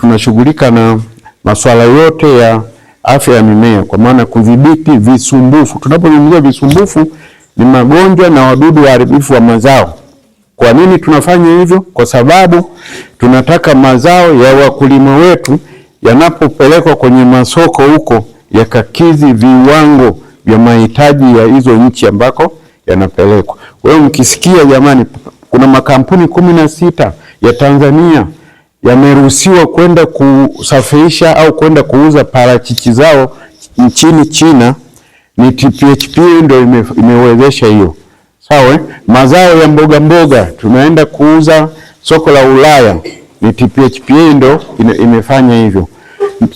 tunashughulika na masuala yote ya afya ya mimea kwa maana kudhibiti visumbufu. Tunapozungumzia visumbufu, ni magonjwa na wadudu waharibifu wa mazao. Kwa nini tunafanya hivyo? Kwa sababu tunataka mazao ya wakulima wetu yanapopelekwa kwenye masoko huko yakakidhi viwango vya mahitaji ya hizo nchi ambako yanapelekwa. Wewe mkisikia, jamani, kuna makampuni kumi na sita ya Tanzania yameruhusiwa kwenda kusafirisha au kwenda kuuza parachichi zao nchini China, ni TPHP ndio ime, imewezesha hiyo. Sawa, eh? mazao ya mboga mboga tunaenda kuuza soko la Ulaya, ni TPHP ndio imefanya hivyo.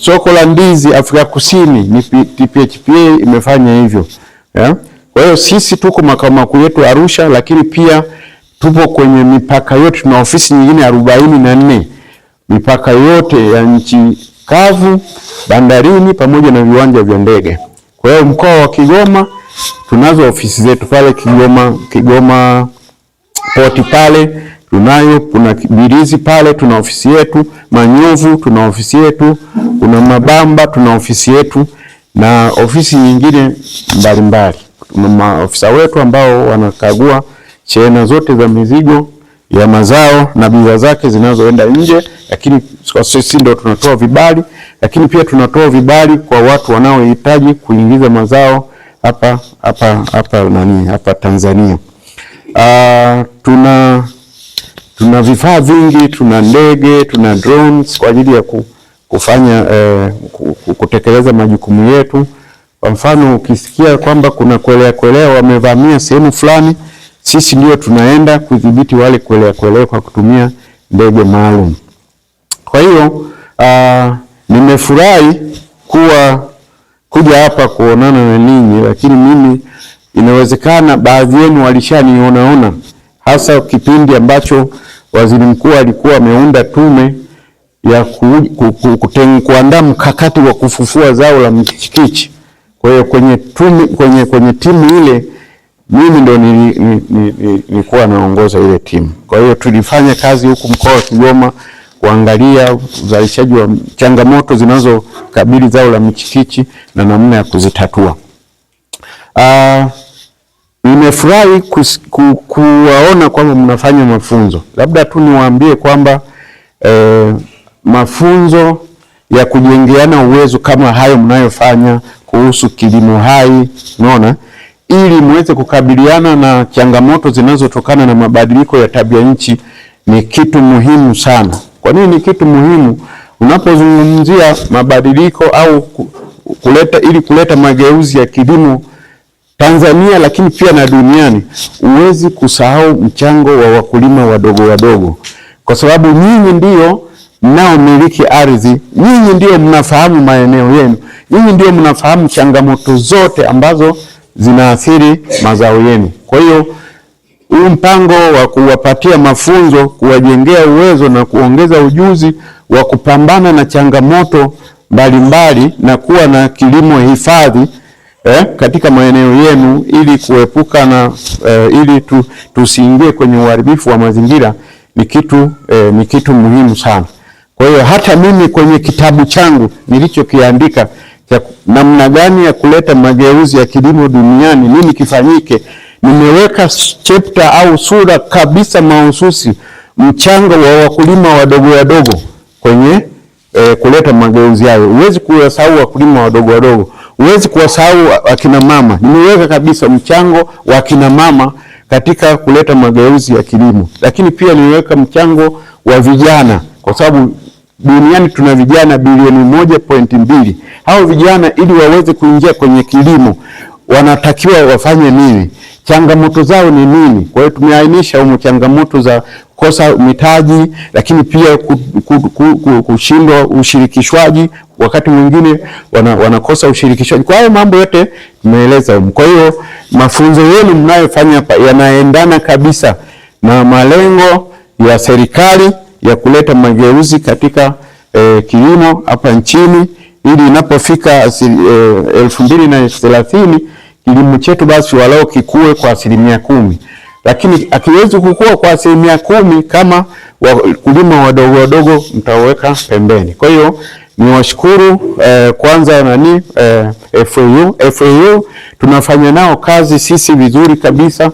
Soko la ndizi Afrika Kusini, ni TPHP imefanya hivyo yeah? Kwa hiyo sisi tuko makao makuu yetu Arusha, lakini pia tupo kwenye mipaka yote, tuna ofisi nyingine arobaini na nne mipaka yote ya nchi kavu, bandarini, pamoja na viwanja vya ndege. Kwa hiyo mkoa wa Kigoma tunazo ofisi zetu pale Kigoma, Kigoma poti pale tunayo, kuna birizi pale tuna ofisi yetu, Manyovu tuna ofisi yetu, kuna Mabamba tuna ofisi yetu na ofisi nyingine mbalimbali. Tuna maofisa wetu ambao wanakagua shehena zote za mizigo ya mazao na bidhaa zake zinazoenda nje, lakini sisi ndio tunatoa vibali, lakini pia tunatoa vibali kwa watu wanaohitaji kuingiza mazao hapa hapa hapa nani hapa Tanzania. Aa, ah, tuna tuna vifaa vingi, tuna ndege, tuna drones kwa ajili ya kufanya eh, kutekeleza majukumu yetu. Kwa mfano ukisikia kwamba kuna kwelea kwelea wamevamia sehemu fulani sisi ndio tunaenda kudhibiti wale kuelea kuelea kwa kutumia ndege maalum. Kwa hiyo uh, nimefurahi kuwa kuja hapa kuonana na ninyi, lakini mimi inawezekana baadhi yenu walishanionaona, hasa kipindi ambacho waziri mkuu alikuwa ameunda tume ya ku, ku, ku, kuandaa mkakati wa kufufua zao la mchikichi. Kwa hiyo kwenye, kwenye, kwenye timu ile mimi ndo nilikuwa naongoza ile timu. Kwa hiyo tulifanya kazi huku mkoa wa Kigoma kuangalia uzalishaji wa changamoto zinazokabili zao la michikichi na namna ya kuzitatua. Uh, nimefurahi ku, kuwaona kwamba mnafanya mafunzo. Labda tu niwaambie kwamba eh, mafunzo ya kujengeana uwezo kama hayo mnayofanya kuhusu kilimo hai, unaona ili muweze kukabiliana na changamoto zinazotokana na mabadiliko ya tabia nchi ni kitu muhimu sana. Kwa nini ni kitu muhimu? Unapozungumzia mabadiliko au kuleta ili kuleta mageuzi ya kilimo Tanzania lakini pia na duniani, huwezi kusahau mchango wa wakulima wadogo wadogo, kwa sababu nyinyi ndio mnaomiliki ardhi, nyinyi ndio mnafahamu maeneo yenu, nyinyi ndio mnafahamu changamoto zote ambazo zinaathiri mazao yenu. Kwa hiyo huu mpango wa kuwapatia mafunzo, kuwajengea uwezo na kuongeza ujuzi wa kupambana na changamoto mbalimbali na kuwa na kilimo hifadhi eh, katika maeneo yenu ili kuepuka na eh, ili tu, tusiingie kwenye uharibifu wa mazingira ni kitu eh, ni kitu muhimu sana. Kwa hiyo hata mimi kwenye kitabu changu nilichokiandika ya namna gani ya kuleta mageuzi ya kilimo duniani, nini kifanyike. Nimeweka chapter au sura kabisa mahususi mchango wa wakulima wadogo wadogo kwenye e, kuleta mageuzi hayo. Huwezi kuwasahau wakulima wadogo wadogo, huwezi kuwasahau akina mama. Nimeweka kabisa mchango wa akina mama katika kuleta mageuzi ya kilimo, lakini pia nimeweka mchango wa vijana kwa sababu duniani tuna vijana bilioni moja pointi mbili. Hao vijana ili waweze kuingia kwenye kilimo wanatakiwa wafanye nini? Changamoto zao ni nini? Kwa hiyo tumeainisha humo changamoto za kosa mitaji, lakini pia kushindwa ushirikishwaji, wakati mwingine wana, wanakosa ushirikishwaji. Kwa hiyo mambo yote tumeeleza humo. Kwa hiyo mafunzo yenu mnayofanya hapa yanaendana kabisa na malengo ya serikali ya kuleta mageuzi katika e, kilimo hapa nchini ili inapofika e, elfu mbili na thelathini kilimo chetu basi walao kikue kwa asilimia kumi, lakini akiwezi kukua kwa asilimia kumi kama wakulima wadogo wadogo mtaweka pembeni. Kwa hiyo ni washukuru eh, kwanza nani eh, FAU FAU tunafanya nao kazi sisi vizuri kabisa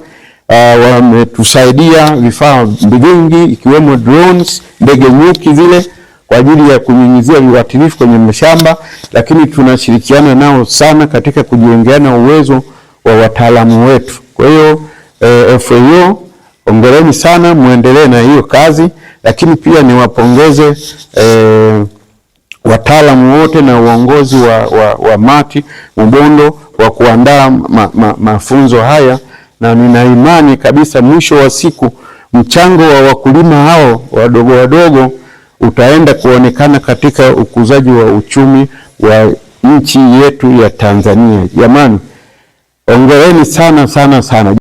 uh, wametusaidia vifaa vingi ikiwemo drones, ndege nyuki zile kwa ajili ya kunyunyizia viuatilifu kwenye mashamba, lakini tunashirikiana nao sana katika kujengeana uwezo wa wataalamu wetu. Kwa hiyo eh, FAO ongereni sana, muendelee na hiyo kazi, lakini pia niwapongeze eh, wataalamu wote na uongozi wa, wa, wa Mati Mubondo wa kuandaa ma, ma, mafunzo haya na nina imani kabisa mwisho wa siku mchango wa wakulima hao wadogo wadogo utaenda kuonekana katika ukuzaji wa uchumi wa nchi yetu ya Tanzania. Jamani, ongereni sana sana sana.